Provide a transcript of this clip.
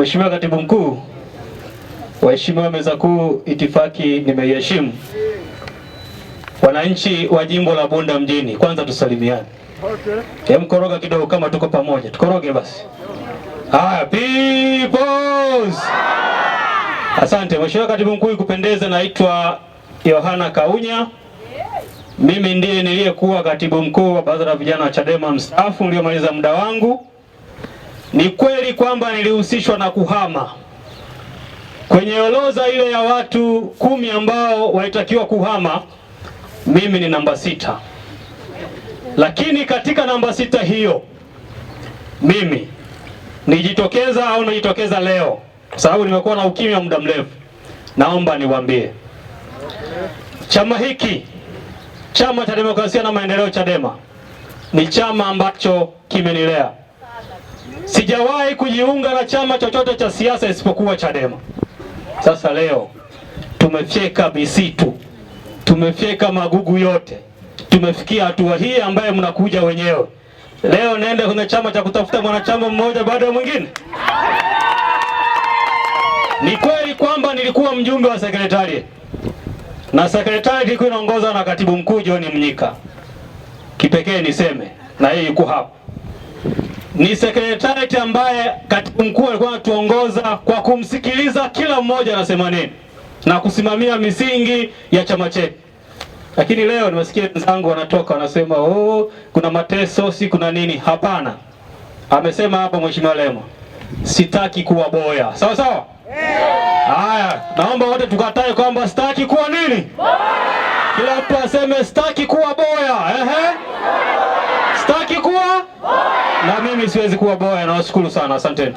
Mheshimiwa Katibu Mkuu, Waheshimiwa Meza Kuu, itifaki nimeiheshimu. Wananchi wa jimbo la Bunda mjini, kwanza tusalimiane. Okay. Mkoroga kidogo kama tuko pamoja, tukoroge basi. Haya, peoples. Asante Mheshimiwa Katibu Mkuu, ikupendeze, naitwa Yohana Kaunya. Mimi ndiye niliyekuwa katibu mkuu wa Baraza la Vijana wa Chadema mstaafu, niliyomaliza muda wangu ni kweli kwamba nilihusishwa na kuhama kwenye orodha ile ya watu kumi ambao walitakiwa kuhama, mimi ni namba sita, lakini katika namba sita hiyo mimi nijitokeza au najitokeza leo, kwa sababu nimekuwa na ukimya muda mrefu. Naomba niwaambie chama hiki, chama cha demokrasia na maendeleo, CHADEMA, ni chama ambacho kimenilea sijawahi kujiunga na chama chochote cha siasa isipokuwa Chadema. Sasa leo tumefyeka misitu, tumefyeka magugu yote, tumefikia hatua hii ambayo mnakuja wenyewe leo. Naenda kwenye chama cha kutafuta mwanachama mmoja baada ya mwingine. Ni kweli kwamba nilikuwa mjumbe wa sekretari na sekretari ilikuwa inaongozwa na katibu mkuu John Mnyika. Kipekee niseme na yeye yuko hapa ni sekretarieti ambaye katibu mkuu alikuwa anatuongoza kwa kumsikiliza kila mmoja anasema nini na kusimamia misingi ya chama chetu. Lakini leo nimesikia wenzangu wanatoka wanasema oh, kuna mateso si kuna nini. Hapana, amesema hapa mheshimiwa lema sitaki kuwa boya, sawa sawa. Haya, naomba wote tukatae kwamba sitaki kuwa nini boya. Kila mtu aseme sitaki kuwa boya. Ehe, sitaki kuwa boya na mimi siwezi kuwa boya, nawashukuru sana, asanteni.